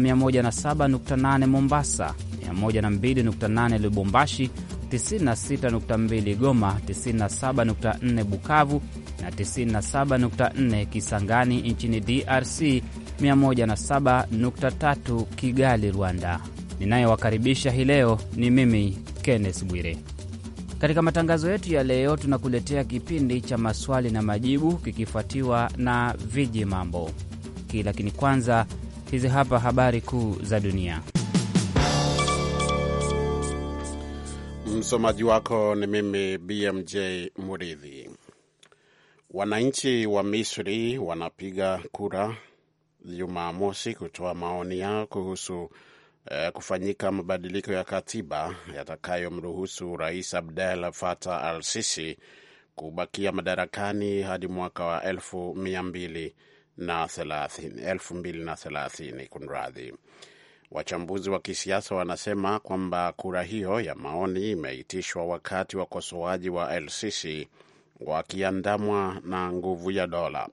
na 107.8 Mombasa, 102.8 Lubumbashi, 96.2 Goma, 97.4 Bukavu na 97.4 Kisangani nchini DRC, 107.3 Kigali, Rwanda. Ninayewakaribisha hii leo ni mimi Kenneth Bwire. Katika matangazo yetu ya leo, tunakuletea kipindi cha maswali na majibu kikifuatiwa na viji mambo ki, lakini kwanza Hizi hapa habari kuu za dunia. Msomaji wako ni mimi BMJ Muridhi. Wananchi wa Misri wanapiga kura Jumamosi kutoa maoni yao kuhusu eh, kufanyika mabadiliko ya katiba yatakayomruhusu Rais Abdel Fattah al Sisi kubakia madarakani hadi mwaka wa elfu mia mbili na thelathini, elfu mbili na thelathini. Kunradhi. Wachambuzi wa kisiasa wanasema kwamba kura hiyo ya maoni imeitishwa wakati wakosoaji wa El Sisi wakiandamwa na nguvu ya dola.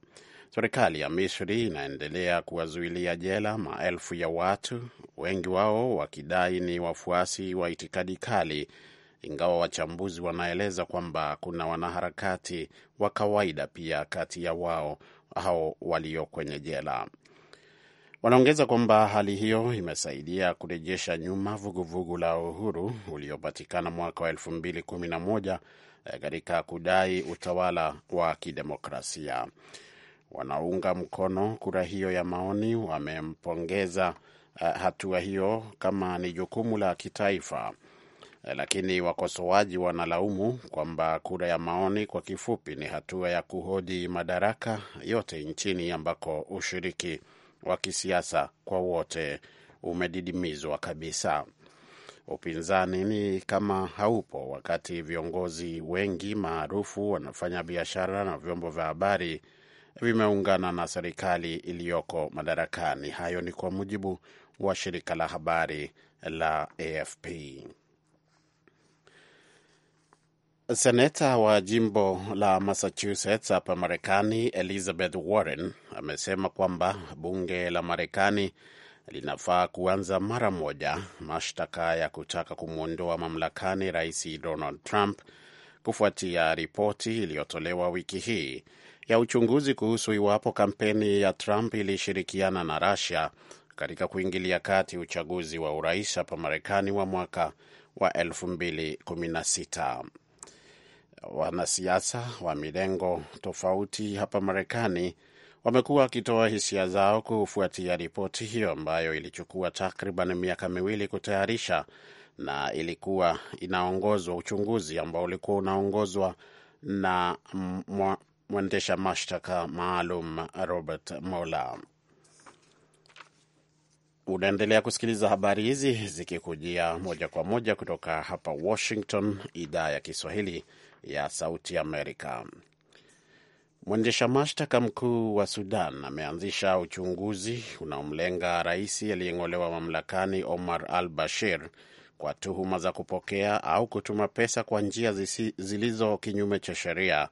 Serikali ya Misri inaendelea kuwazuilia jela maelfu ya watu, wengi wao wakidai ni wafuasi wa itikadi kali, ingawa wachambuzi wanaeleza kwamba kuna wanaharakati wa kawaida pia kati ya wao hao walio kwenye jela. Wanaongeza kwamba hali hiyo imesaidia kurejesha nyuma vuguvugu la uhuru uliopatikana mwaka wa elfu mbili kumi na moja eh, katika kudai utawala wa kidemokrasia. Wanaunga mkono kura hiyo ya maoni wamempongeza eh, hatua hiyo kama ni jukumu la kitaifa Eh, lakini wakosoaji wanalaumu kwamba kura ya maoni kwa kifupi ni hatua ya kuhoji madaraka yote nchini ambako ushiriki wa kisiasa kwa wote umedidimizwa kabisa. Upinzani ni kama haupo, wakati viongozi wengi maarufu wanafanya biashara na vyombo vya habari vimeungana na serikali iliyoko madarakani. Hayo ni kwa mujibu wa shirika la habari la AFP. Seneta wa jimbo la Massachusetts hapa Marekani, Elizabeth Warren amesema kwamba bunge la Marekani linafaa kuanza mara moja mashtaka ya kutaka kumwondoa mamlakani Rais Donald Trump kufuatia ripoti iliyotolewa wiki hii ya uchunguzi kuhusu iwapo kampeni ya Trump ilishirikiana na Russia katika kuingilia kati uchaguzi wa urais hapa Marekani wa mwaka wa 2016 wanasiasa wa mirengo tofauti hapa Marekani wamekuwa wakitoa hisia zao kufuatia ripoti hiyo ambayo ilichukua takriban miaka miwili kutayarisha na ilikuwa inaongozwa uchunguzi ambao ulikuwa unaongozwa na mwendesha mashtaka maalum Robert Mueller. Unaendelea kusikiliza habari hizi zikikujia moja kwa moja kutoka hapa Washington, idhaa ya Kiswahili ya Sauti Amerika. Mwendesha mashtaka mkuu wa Sudan ameanzisha uchunguzi unaomlenga rais aliyeng'olewa mamlakani Omar al Bashir kwa tuhuma za kupokea au kutuma pesa kwa njia zilizo kinyume cha sheria,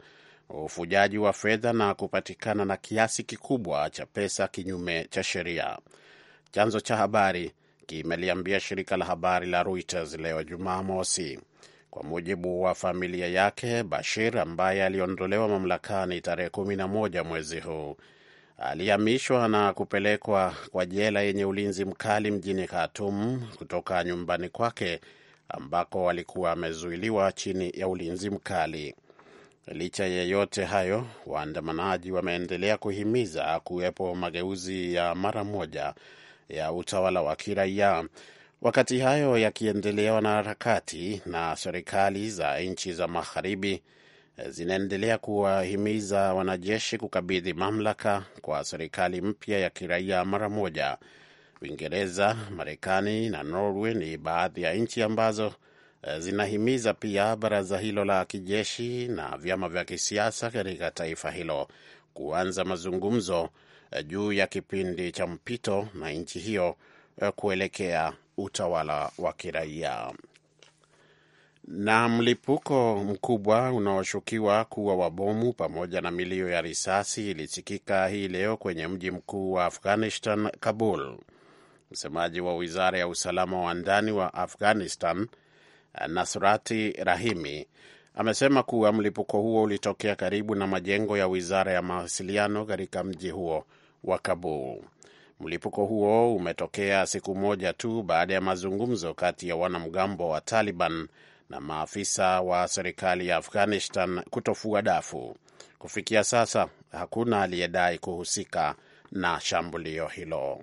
ufujaji wa fedha na kupatikana na kiasi kikubwa cha pesa kinyume cha sheria. Chanzo cha habari kimeliambia shirika la habari la Reuters leo Jumamosi. Kwa mujibu wa familia yake, Bashir ambaye aliondolewa mamlakani tarehe kumi na moja mwezi huu alihamishwa na kupelekwa kwa jela yenye ulinzi mkali mjini Khartoum kutoka nyumbani kwake ambako alikuwa amezuiliwa chini ya ulinzi mkali. Licha ya yote hayo, waandamanaji wameendelea kuhimiza kuwepo mageuzi ya mara moja ya utawala wa kiraia Wakati hayo yakiendelea, wanaharakati na serikali za nchi za magharibi eh, zinaendelea kuwahimiza wanajeshi kukabidhi mamlaka kwa serikali mpya ya kiraia mara moja. Uingereza, Marekani na Norway ni baadhi ya nchi ambazo eh, zinahimiza pia baraza hilo la kijeshi na vyama vya kisiasa katika taifa hilo kuanza mazungumzo eh, juu ya kipindi cha mpito na nchi hiyo kuelekea utawala wa kiraia. Na mlipuko mkubwa unaoshukiwa kuwa wa bomu pamoja na milio ya risasi ilisikika hii leo kwenye mji mkuu wa Afghanistan, Kabul. Msemaji wa wizara ya usalama wa ndani wa Afghanistan, Nasrati Rahimi, amesema kuwa mlipuko huo ulitokea karibu na majengo ya wizara ya mawasiliano katika mji huo wa Kabul. Mlipuko huo umetokea siku moja tu baada ya mazungumzo kati ya wanamgambo wa Taliban na maafisa wa serikali ya Afghanistan kutofua dafu. Kufikia sasa hakuna aliyedai kuhusika na shambulio hilo.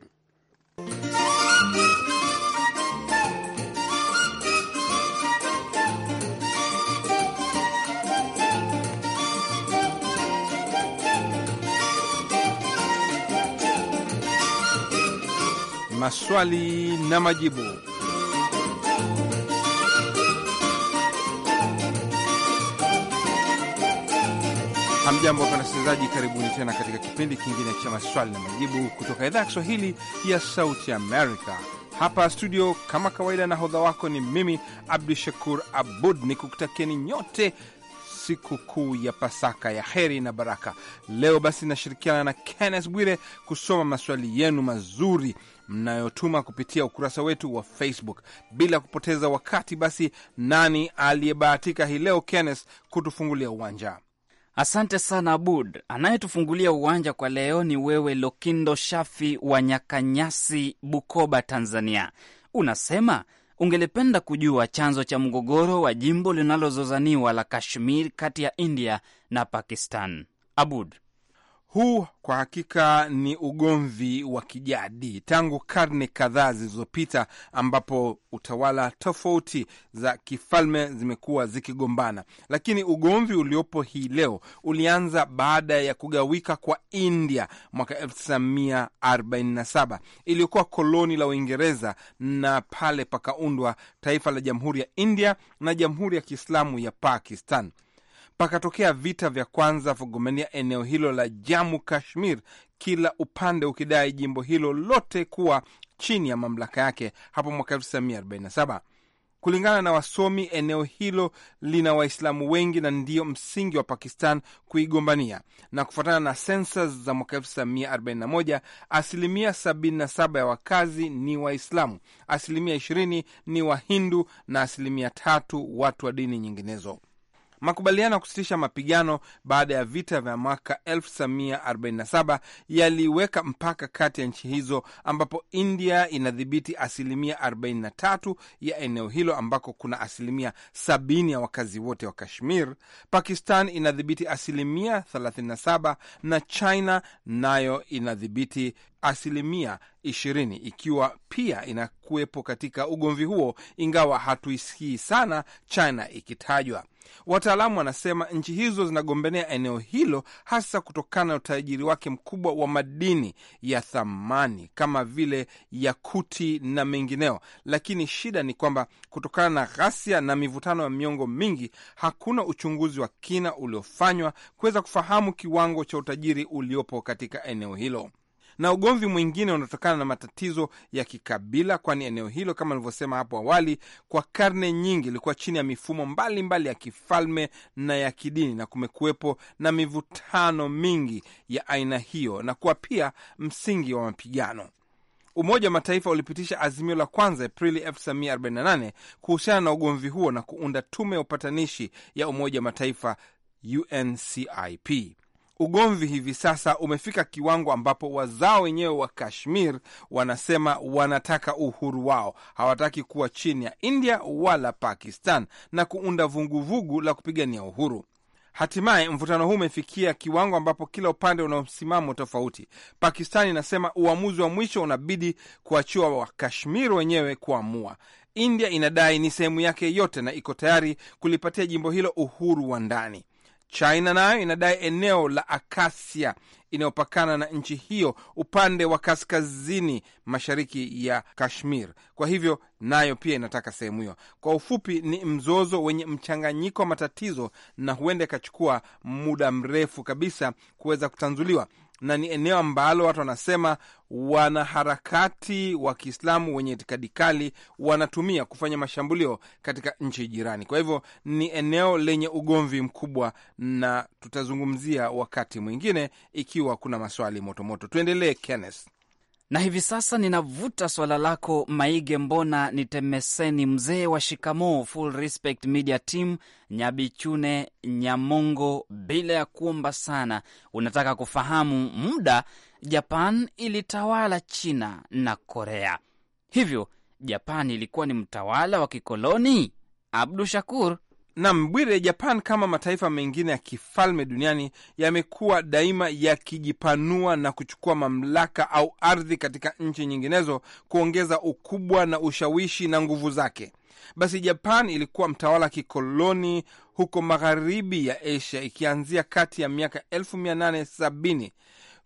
maswali na majibu. Hamjambo wapenda wasikilizaji, karibuni tena katika kipindi kingine cha maswali na majibu kutoka idhaa ya Kiswahili ya Sauti Amerika. Hapa studio kama kawaida, na hodha wako ni mimi Abdu Shakur Abud, ni kukutakieni nyote sikukuu ya Pasaka ya heri na baraka. Leo basi nashirikiana na Kenneth Bwire kusoma maswali yenu mazuri mnayotuma kupitia ukurasa wetu wa Facebook. Bila kupoteza wakati, basi nani aliyebahatika hii leo, Kenneth, kutufungulia uwanja? Asante sana Abud. Anayetufungulia uwanja kwa leo ni wewe Lokindo Shafi wa Nyakanyasi, Bukoba, Tanzania. Unasema ungelipenda kujua chanzo cha mgogoro wa jimbo linalozozaniwa la Kashmir kati ya India na Pakistan. Abud, huu kwa hakika ni ugomvi wa kijadi tangu karne kadhaa zilizopita, ambapo utawala tofauti za kifalme zimekuwa zikigombana. Lakini ugomvi uliopo hii leo ulianza baada ya kugawika kwa India mwaka 1947 iliyokuwa koloni la Uingereza, na pale pakaundwa taifa la Jamhuri ya India na Jamhuri ya Kiislamu ya Pakistan. Pakatokea vita vya kwanza kugombania eneo hilo la Jamu Kashmir, kila upande ukidai jimbo hilo lote kuwa chini ya mamlaka yake hapo mwaka 1947. Kulingana na wasomi, eneo hilo lina Waislamu wengi na ndiyo msingi wa Pakistan kuigombania. Na kufuatana na sensa za mwaka 1941, asilimia 77 ya wakazi ni Waislamu, asilimia 20 ni Wahindu na asilimia tatu watu wa dini nyinginezo. Makubaliano ya kusitisha mapigano baada ya vita vya mwaka 1947 yaliweka mpaka kati ya nchi hizo, ambapo India inadhibiti asilimia 43 ya eneo hilo ambako kuna asilimia 70 ya wakazi wote wa Kashmir. Pakistan inadhibiti asilimia 37 na China nayo inadhibiti asilimia 20 ikiwa pia inakuwepo katika ugomvi huo, ingawa hatuisikii sana China ikitajwa. Wataalamu wanasema nchi hizo zinagombania eneo hilo hasa kutokana na utajiri wake mkubwa wa madini ya thamani kama vile yakuti na mengineo, lakini shida ni kwamba kutokana na ghasia na mivutano ya miongo mingi, hakuna uchunguzi wa kina uliofanywa kuweza kufahamu kiwango cha utajiri uliopo katika eneo hilo na ugomvi mwingine unaotokana na matatizo ya kikabila, kwani eneo hilo kama nilivyosema hapo awali, kwa karne nyingi ilikuwa chini ya mifumo mbalimbali mbali ya kifalme na ya kidini, na kumekuwepo na mivutano mingi ya aina hiyo na kuwa pia msingi wa mapigano. Umoja wa Mataifa ulipitisha azimio la kwanza Aprili 1948 kuhusiana na ugomvi huo na kuunda tume ya upatanishi ya Umoja wa Mataifa, UNCIP. Ugomvi hivi sasa umefika kiwango ambapo wazao wenyewe wa Kashmir wanasema wanataka uhuru wao, hawataki kuwa chini ya India wala Pakistan na kuunda vuguvugu la kupigania uhuru. Hatimaye mvutano huu umefikia kiwango ambapo kila upande una msimamo tofauti. Pakistani inasema uamuzi wa mwisho unabidi kuachiwa Wakashmir wenyewe kuamua. India inadai ni sehemu yake yote na iko tayari kulipatia jimbo hilo uhuru wa ndani. China nayo inadai eneo la Akasia inayopakana na nchi hiyo upande wa kaskazini mashariki ya Kashmir. Kwa hivyo nayo pia inataka sehemu hiyo. Kwa ufupi, ni mzozo wenye mchanganyiko wa matatizo na huenda ikachukua muda mrefu kabisa kuweza kutanzuliwa, na ni eneo ambalo watu wanasema wanaharakati wa Kiislamu wenye itikadi kali wanatumia kufanya mashambulio katika nchi jirani. Kwa hivyo ni eneo lenye ugomvi mkubwa, na tutazungumzia wakati mwingine ikiwa kuna maswali motomoto. Tuendelee, Kenneth na hivi sasa ninavuta swala lako Maige Mbona Nitemeseni, mzee wa shikamoo Full Respect Media Team, Nyabichune Nyamongo, bila ya kuomba sana, unataka kufahamu muda Japan ilitawala China na Korea, hivyo Japan ilikuwa ni mtawala wa kikoloni? Abdu Shakur, Nam Bwire, Japan kama mataifa mengine ya kifalme duniani yamekuwa daima yakijipanua na kuchukua mamlaka au ardhi katika nchi nyinginezo, kuongeza ukubwa na ushawishi na nguvu zake. Basi Japan ilikuwa mtawala kikoloni huko magharibi ya Asia, ikianzia kati ya miaka 1870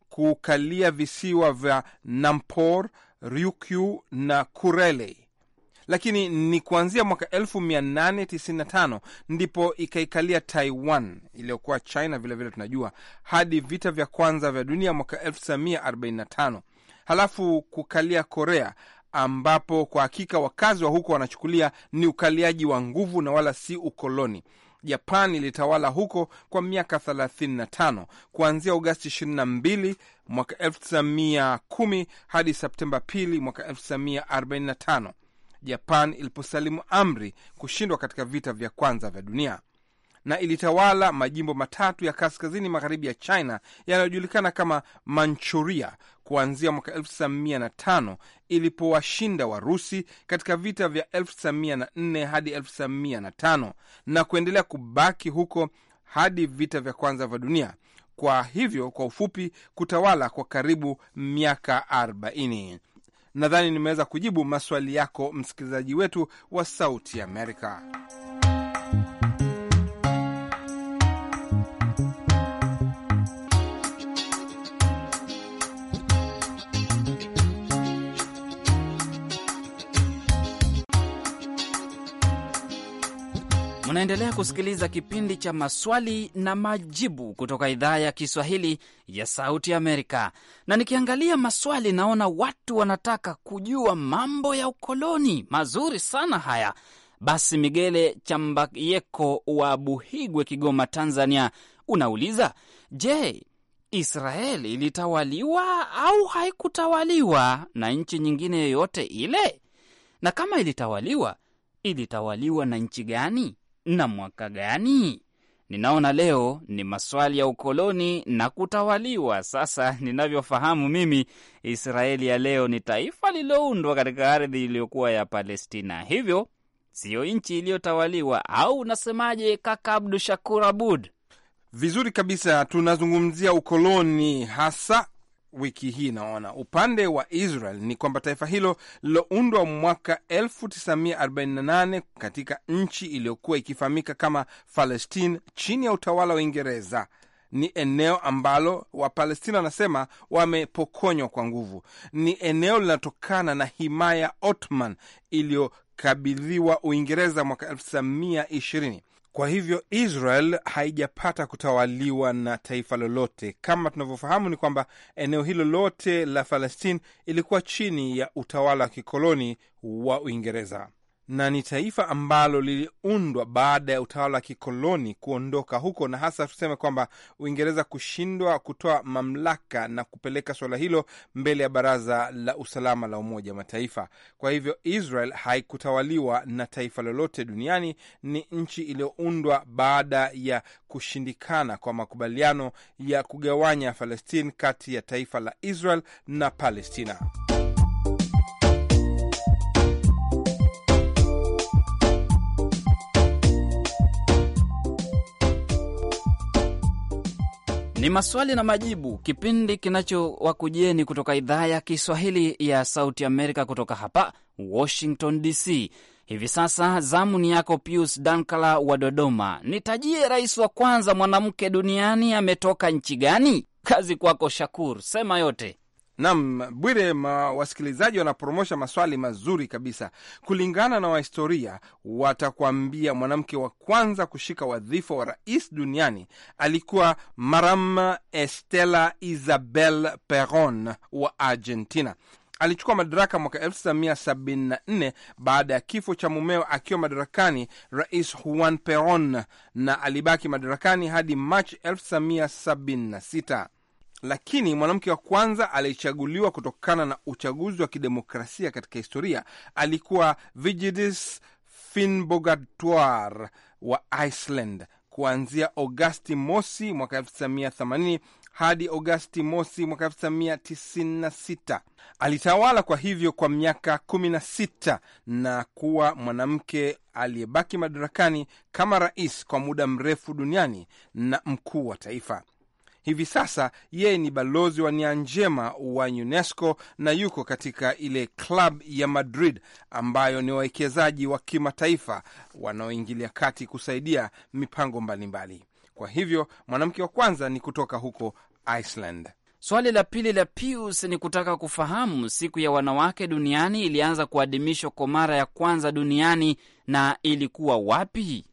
kukalia visiwa vya Nampor, Ryukyu na Kurele lakini ni kuanzia mwaka 1895 ndipo ikaikalia Taiwan iliyokuwa China vilevile vile tunajua, hadi vita vya kwanza vya dunia mwaka 1945 halafu kukalia Korea ambapo kwa hakika wakazi wa huko wanachukulia ni ukaliaji wa nguvu na wala si ukoloni. Japan ilitawala huko kwa miaka 35 kuanzia Agosti 22 mwaka 1910 hadi Septemba 2 mwaka 1945. Japan iliposalimu amri kushindwa katika vita vya kwanza vya dunia na ilitawala majimbo matatu ya kaskazini magharibi ya China yanayojulikana kama Manchuria kuanzia mwaka 1905 ilipowashinda Warusi katika vita vya 1904 hadi 1905 na kuendelea kubaki huko hadi vita vya kwanza vya dunia. Kwa hivyo, kwa ufupi, kutawala kwa karibu miaka 40. Nadhani nimeweza kujibu maswali yako msikilizaji wetu wa Sauti Amerika. Unaendelea kusikiliza kipindi cha maswali na majibu kutoka idhaa ya Kiswahili ya Sauti Amerika. Na nikiangalia maswali, naona watu wanataka kujua mambo ya ukoloni. Mazuri sana haya. Basi Migele Chambayeko wa Buhigwe, Kigoma, Tanzania, unauliza je, Israel ilitawaliwa au haikutawaliwa na nchi nyingine yoyote ile? Na kama ilitawaliwa, ilitawaliwa na nchi gani? na mwaka gani? Ninaona leo ni maswali ya ukoloni na kutawaliwa. Sasa ninavyofahamu mimi, Israeli ya leo ni taifa lililoundwa katika ardhi iliyokuwa ya Palestina, hivyo siyo nchi iliyotawaliwa. Au unasemaje kaka Abdu Shakur Abud? Vizuri kabisa, tunazungumzia ukoloni hasa wiki hii naona upande wa Israel ni kwamba taifa hilo liloundwa mwaka 1948 katika nchi iliyokuwa ikifahamika kama Palestine chini ya utawala wa Uingereza ni eneo ambalo Wapalestina wanasema wamepokonywa kwa nguvu. Ni eneo linatokana na himaya Ottoman iliyokabidhiwa Uingereza mwaka 1920. Kwa hivyo Israel haijapata kutawaliwa na taifa lolote. Kama tunavyofahamu, ni kwamba eneo hilo lote la falestine ilikuwa chini ya utawala wa kikoloni wa Uingereza na ni taifa ambalo liliundwa baada ya utawala wa kikoloni kuondoka huko, na hasa tuseme kwamba Uingereza kushindwa kutoa mamlaka na kupeleka suala hilo mbele ya Baraza la Usalama la Umoja wa Mataifa. Kwa hivyo, Israel haikutawaliwa na taifa lolote duniani, ni nchi iliyoundwa baada ya kushindikana kwa makubaliano ya kugawanya Palestine kati ya taifa la Israel na Palestina. Ni maswali na majibu, kipindi kinachowakujieni kutoka idhaa ya Kiswahili ya Sauti Amerika, kutoka hapa Washington DC. Hivi sasa zamu ni yako Pius Dankala wa Dodoma. Nitajie rais wa kwanza mwanamke duniani ametoka nchi gani? Kazi kwako Shakur, sema yote. Nam Bwire, wasikilizaji wanapromosha maswali mazuri kabisa. Kulingana na wahistoria, watakuambia mwanamke wa kwanza kushika wadhifa wa rais duniani alikuwa maram Estela Isabel peron wa Argentina. Alichukua madaraka mwaka 1974 baada ya kifo cha mumeo akiwa madarakani, Rais Juan peron na alibaki madarakani hadi Machi 1976 lakini mwanamke wa kwanza aliyechaguliwa kutokana na uchaguzi wa kidemokrasia katika historia alikuwa Vigdis Finnbogadóttir wa Iceland kuanzia Agosti mosi mwaka 1980 hadi Agosti mosi mwaka 1996. Alitawala kwa hivyo kwa miaka 16 na kuwa mwanamke aliyebaki madarakani kama rais kwa muda mrefu duniani na mkuu wa taifa. Hivi sasa yeye ni balozi wa nia njema wa UNESCO na yuko katika ile klabu ya Madrid ambayo ni wawekezaji wa kimataifa wanaoingilia kati kusaidia mipango mbalimbali mbali. Kwa hivyo mwanamke wa kwanza ni kutoka huko Iceland. Swali la pili la Pius ni kutaka kufahamu siku ya wanawake duniani ilianza kuadhimishwa kwa mara ya kwanza duniani na ilikuwa wapi?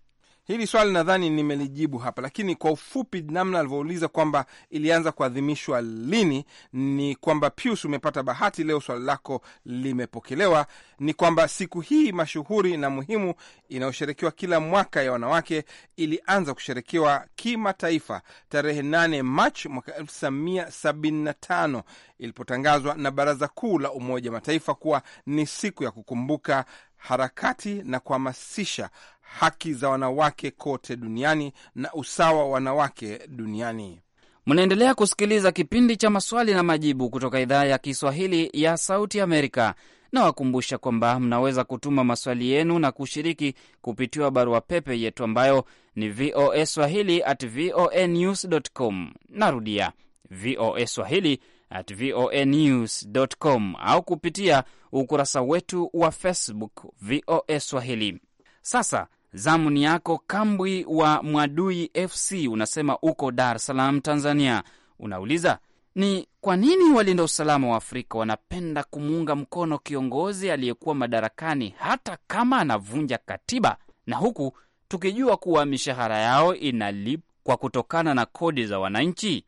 Hili swali nadhani nimelijibu hapa, lakini kwa ufupi, namna alivyouliza kwamba ilianza kuadhimishwa lini, ni kwamba Pius, umepata bahati leo, swali lako limepokelewa. Ni kwamba siku hii mashuhuri na muhimu inayosherekewa kila mwaka ya wanawake ilianza kusherekewa kimataifa tarehe 8 Machi mwaka 1975 ilipotangazwa na Baraza Kuu la Umoja Mataifa kuwa ni siku ya kukumbuka harakati na kuhamasisha haki za wanawake kote duniani na usawa wa wanawake duniani. Mnaendelea kusikiliza kipindi cha maswali na majibu kutoka idhaa ya Kiswahili ya Sauti Amerika. Nawakumbusha kwamba mnaweza kutuma maswali yenu na kushiriki kupitiwa barua pepe yetu ambayo ni voa swahili at voa news com. Narudia, voa swahili at voa news com, au kupitia ukurasa wetu wa Facebook VOA Swahili. Sasa zamu ni yako. Kambwi wa Mwadui FC unasema uko Dar es Salaam, Tanzania. Unauliza ni kwa nini walinda usalama wa Afrika wanapenda kumuunga mkono kiongozi aliyekuwa madarakani hata kama anavunja katiba, na huku tukijua kuwa mishahara yao inalipwa kutokana na kodi za wananchi.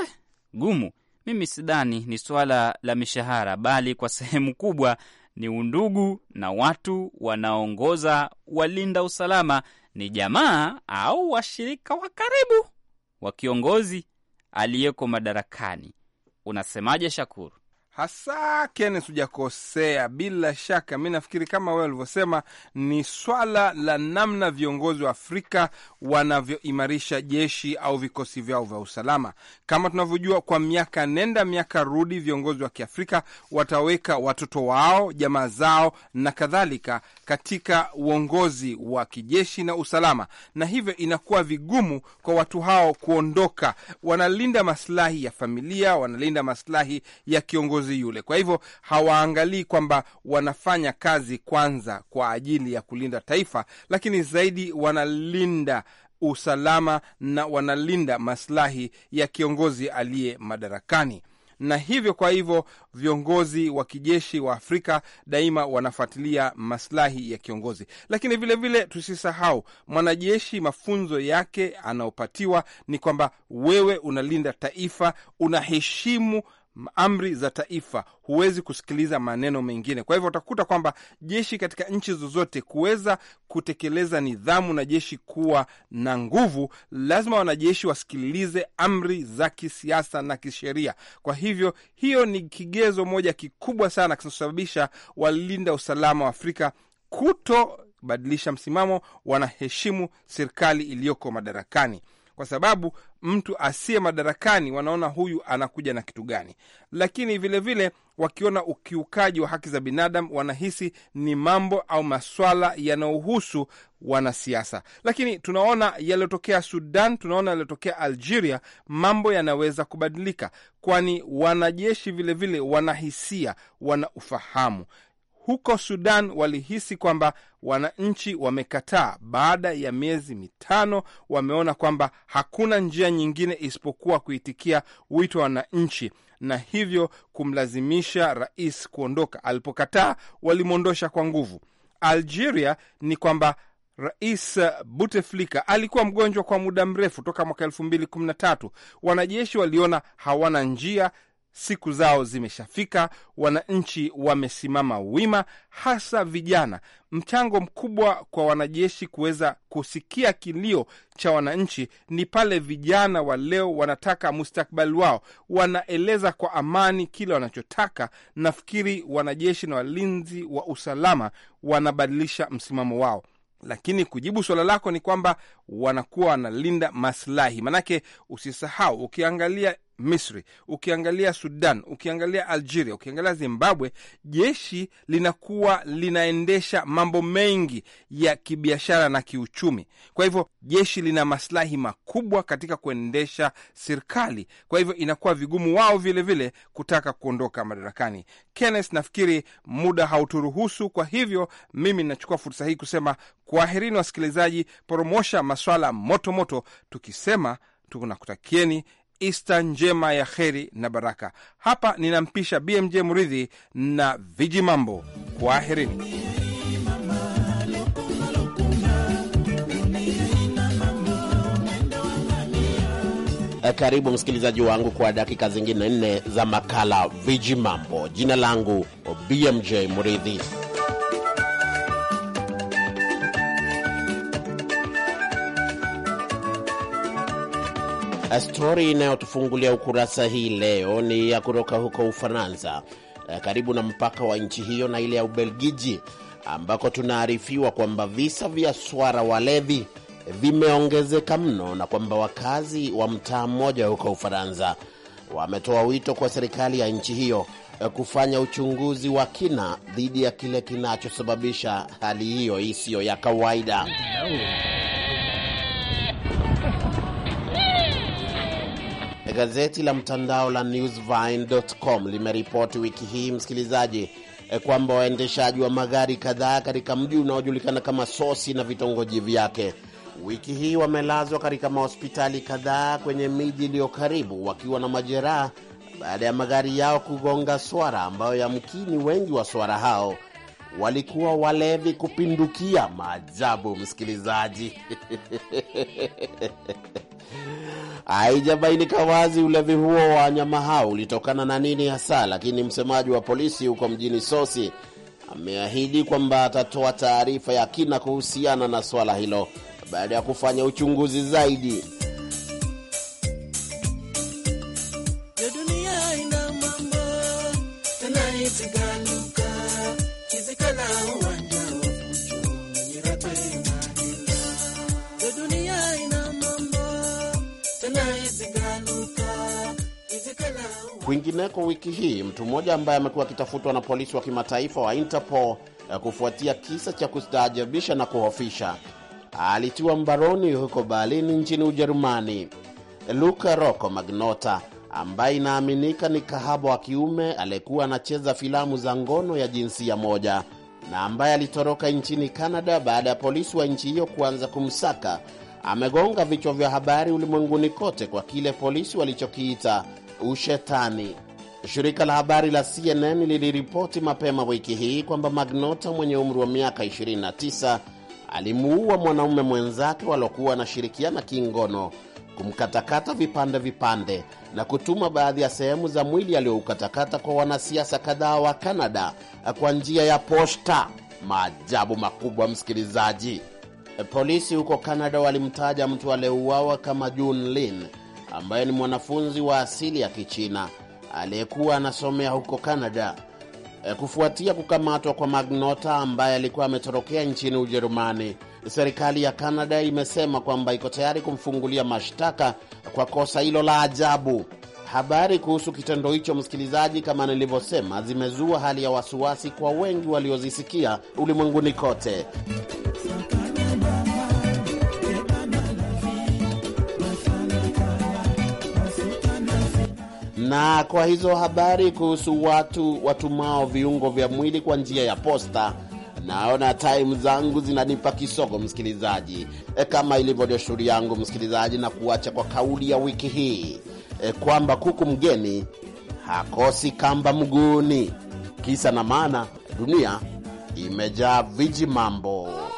Eh, gumu. Mimi sidhani ni swala la mishahara, bali kwa sehemu kubwa ni undugu na watu wanaongoza walinda usalama ni jamaa au washirika wa karibu wa kiongozi aliyeko madarakani. Unasemaje, Shakuru? hasa Kenes, hujakosea bila shaka. Mi nafikiri kama wewe ulivyosema, ni swala la namna viongozi wa Afrika wanavyoimarisha jeshi au vikosi vyao vya usalama. Kama tunavyojua, kwa miaka nenda miaka rudi, viongozi wa Kiafrika wataweka watoto wao, jamaa zao na kadhalika katika uongozi wa kijeshi na usalama, na hivyo inakuwa vigumu kwa watu hao kuondoka. Wanalinda maslahi ya familia, wanalinda maslahi ya kiongozi kiongozi yule. Kwa hivyo hawaangalii kwamba wanafanya kazi kwanza kwa ajili ya kulinda taifa, lakini zaidi wanalinda usalama na wanalinda maslahi ya kiongozi aliye madarakani na hivyo kwa hivyo viongozi wa kijeshi wa Afrika daima wanafuatilia maslahi ya kiongozi, lakini vilevile tusisahau mwanajeshi, mafunzo yake anaopatiwa ni kwamba wewe unalinda taifa, unaheshimu amri za taifa, huwezi kusikiliza maneno mengine. Kwa hivyo utakuta kwamba jeshi katika nchi zozote kuweza kutekeleza nidhamu na jeshi kuwa na nguvu, lazima wanajeshi wasikilize amri za kisiasa na kisheria. Kwa hivyo hiyo ni kigezo moja kikubwa sana kinachosababisha walinda usalama wa Afrika kuto badilisha msimamo, wanaheshimu serikali iliyoko madarakani kwa sababu mtu asiye madarakani wanaona huyu anakuja na kitu gani. Lakini vilevile vile, wakiona ukiukaji wa haki za binadamu wanahisi ni mambo au maswala yanayohusu wanasiasa. Lakini tunaona yaliyotokea Sudan, tunaona yaliyotokea Algeria, mambo yanaweza kubadilika, kwani wanajeshi vilevile wanahisia, wana ufahamu huko Sudan walihisi kwamba wananchi wamekataa. Baada ya miezi mitano, wameona kwamba hakuna njia nyingine isipokuwa kuitikia wito wa wananchi, na hivyo kumlazimisha rais kuondoka. Alipokataa, walimwondosha kwa nguvu. Algeria ni kwamba Rais Buteflika alikuwa mgonjwa kwa muda mrefu toka mwaka elfu mbili kumi na tatu. Wanajeshi waliona hawana njia siku zao zimeshafika. Wananchi wamesimama wima, hasa vijana. Mchango mkubwa kwa wanajeshi kuweza kusikia kilio cha wananchi ni pale vijana wa leo wanataka mustakbali wao, wanaeleza kwa amani kile wanachotaka. Nafikiri wanajeshi na walinzi wa usalama wanabadilisha msimamo wao, lakini kujibu suala lako ni kwamba wanakuwa wanalinda maslahi. Manake usisahau, ukiangalia Misri, ukiangalia Sudan, ukiangalia Algeria, ukiangalia Zimbabwe, jeshi linakuwa linaendesha mambo mengi ya kibiashara na kiuchumi. Kwa hivyo jeshi lina maslahi makubwa katika kuendesha serikali, kwa hivyo inakuwa vigumu wao vilevile vile kutaka kuondoka madarakani. Kenneth, nafikiri muda hauturuhusu, kwa hivyo mimi nachukua fursa hii kusema kwaherini wasikilizaji, poromosha maswala moto moto, tukisema tunakutakieni Ista njema ya kheri na baraka. Hapa ninampisha BMJ Muridhi na viji mambo. Kwaherini. Eh, karibu msikilizaji wangu kwa dakika zingine nne za makala viji mambo. Jina langu BMJ Muridhi. Stori inayotufungulia ukurasa hii leo ni ya kutoka huko Ufaransa, eh, karibu na mpaka wa nchi hiyo na ile ya Ubelgiji, ambako tunaarifiwa kwamba visa vya swara walevi vimeongezeka mno na kwamba wakazi wa mtaa mmoja huko Ufaransa wametoa wito kwa serikali ya nchi hiyo eh, kufanya uchunguzi wa kina dhidi ya kile kinachosababisha hali hiyo isiyo ya kawaida. Gazeti la mtandao la newsvine.com limeripoti wiki hii, msikilizaji, eh, kwamba waendeshaji wa magari kadhaa katika mji unaojulikana kama Sosi na vitongoji vyake wiki hii wamelazwa katika mahospitali kadhaa kwenye miji iliyo karibu wakiwa na majeraha baada ya magari yao kugonga swara, ambayo yamkini wengi wa swara hao walikuwa walevi kupindukia. Maajabu, msikilizaji. Haijabainika wazi ulevi huo wa wanyama hao ulitokana na nini hasa, lakini msemaji wa polisi huko mjini Sosi ameahidi kwamba atatoa taarifa ya kina kuhusiana na swala hilo baada ya kufanya uchunguzi zaidi. Kwingineko wiki hii, mtu mmoja ambaye amekuwa akitafutwa na polisi wa kimataifa wa Interpol eh, kufuatia kisa cha kustaajabisha na kuhofisha alitiwa mbaroni huko Berlin nchini Ujerumani. Luka Rocco Magnota ambaye inaaminika ni kahaba wa kiume aliyekuwa anacheza filamu za ngono ya jinsia moja na ambaye alitoroka nchini Canada baada ya polisi wa nchi hiyo kuanza kumsaka, amegonga vichwa vya habari ulimwenguni kote kwa kile polisi walichokiita ushetani. Shirika la habari la CNN liliripoti mapema wiki hii kwamba Magnota mwenye umri wa miaka 29 alimuua mwanaume mwenzake waliokuwa wanashirikiana kingono, kumkatakata vipande vipande na kutuma baadhi ya sehemu za mwili aliyoukatakata kwa wanasiasa kadhaa wa Kanada kwa njia ya posta. Maajabu makubwa, msikilizaji. Polisi huko Kanada walimtaja mtu aliyeuawa kama June Lin ambaye ni mwanafunzi wa asili ya Kichina aliyekuwa anasomea huko Canada eh, kufuatia kukamatwa kwa Magnota ambaye alikuwa ametorokea nchini Ujerumani. Serikali ya Canada imesema kwamba iko tayari kumfungulia mashtaka kwa kosa hilo la ajabu. Habari kuhusu kitendo hicho, msikilizaji, kama nilivyosema, zimezua hali ya wasiwasi kwa wengi waliozisikia ulimwenguni kote. Na kwa hizo habari kuhusu watu watumao viungo vya mwili kwa njia ya posta, naona taimu zangu zinanipa kisogo msikilizaji. E, kama ilivyo desturi yangu msikilizaji, na kuacha kwa kauli ya wiki hii e, kwamba kuku mgeni hakosi kamba mguuni. Kisa na maana, dunia imejaa viji mambo. Oh,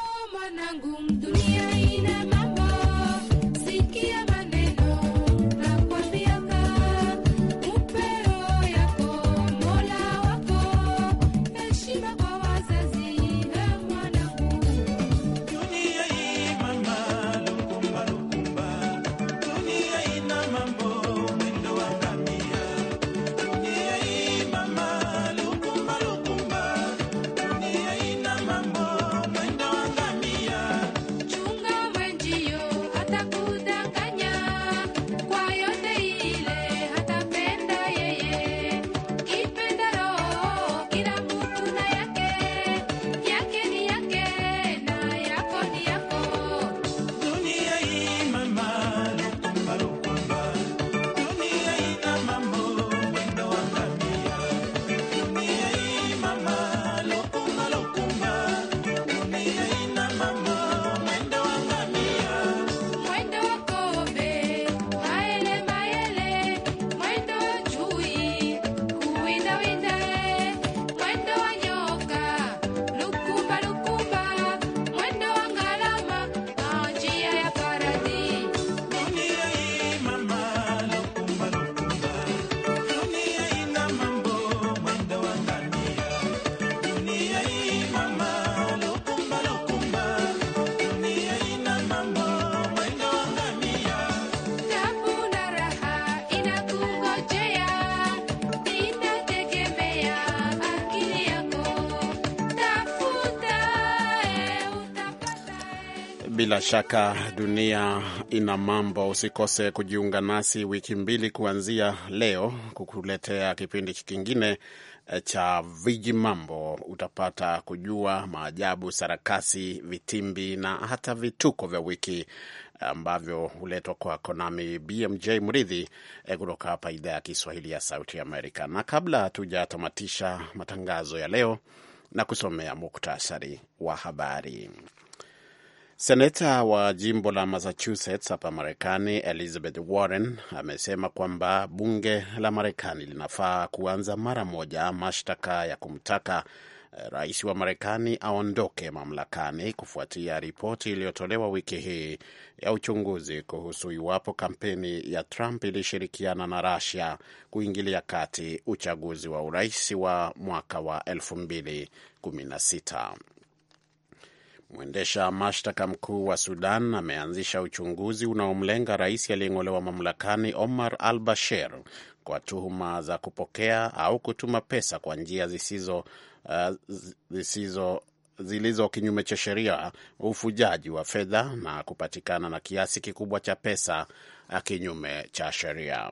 Bila shaka dunia ina mambo. Usikose kujiunga nasi wiki mbili kuanzia leo, kukuletea kipindi kingine eh, cha viji mambo. Utapata kujua maajabu, sarakasi, vitimbi na hata vituko vya wiki eh, ambavyo huletwa kwako nami BMJ Mridhi eh, kutoka hapa idhaa ya Kiswahili ya Sauti Amerika. Na kabla hatujatamatisha matangazo ya leo, na kusomea muktasari wa habari. Seneta wa jimbo la Massachusetts hapa Marekani, Elizabeth Warren amesema kwamba bunge la Marekani linafaa kuanza mara moja mashtaka ya kumtaka eh, rais wa Marekani aondoke mamlakani kufuatia ripoti iliyotolewa wiki hii ya uchunguzi kuhusu iwapo kampeni ya Trump ilishirikiana na Russia kuingilia kati uchaguzi wa urais wa mwaka wa 2016. Mwendesha mashtaka mkuu wa Sudan ameanzisha uchunguzi unaomlenga rais aliyeng'olewa mamlakani Omar al Bashir kwa tuhuma za kupokea au kutuma pesa kwa njia zisizo, uh, zisizo zilizo kinyume cha sheria, ufujaji wa fedha na kupatikana na kiasi kikubwa cha pesa uh, kinyume cha sheria.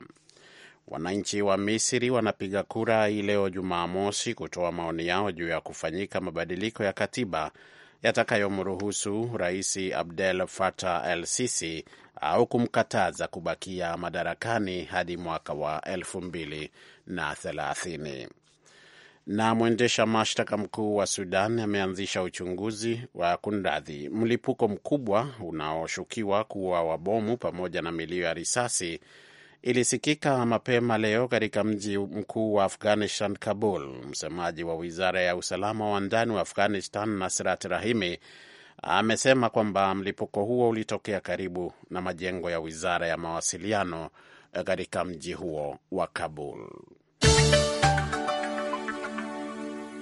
Wananchi wa Misri wanapiga kura hii leo Jumamosi kutoa maoni yao juu ya kufanyika mabadiliko ya katiba yatakayomruhusu Rais Abdel Fattah el Sisi au kumkataza kubakia madarakani hadi mwaka wa elfu mbili na thelathini. Na mwendesha mashtaka mkuu wa Sudan ameanzisha uchunguzi wa kundadhi mlipuko mkubwa unaoshukiwa kuwa wa bomu pamoja na milio ya risasi ilisikika mapema leo katika mji mkuu wa Afghanistan, Kabul. Msemaji wa wizara ya usalama wa ndani wa Afghanistan, Nasrat Rahimi, amesema kwamba mlipuko huo ulitokea karibu na majengo ya wizara ya mawasiliano katika mji huo wa Kabul.